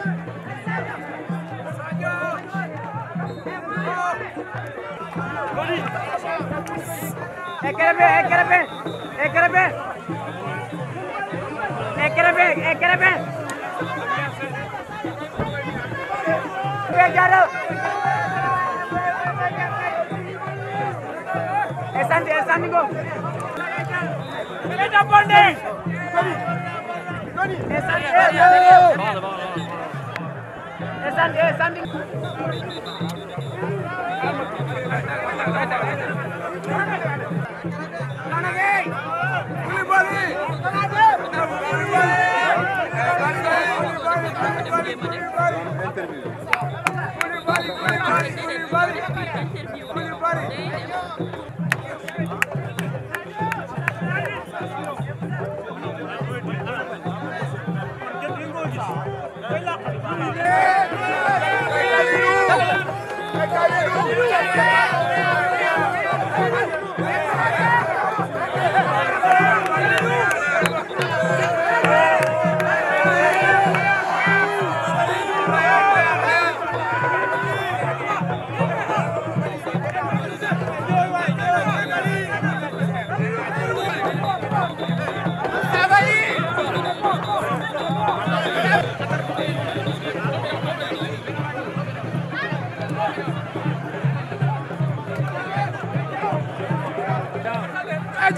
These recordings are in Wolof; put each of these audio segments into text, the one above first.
Ekrebe, ekrebe, ekrebe. Ekrebe, ekrebe. Bejaro. Esandi, esandi go. Beleta bonde. Esandi. Esandi. Yeah! Thank you.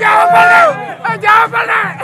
Diao Baldé Diao Baldé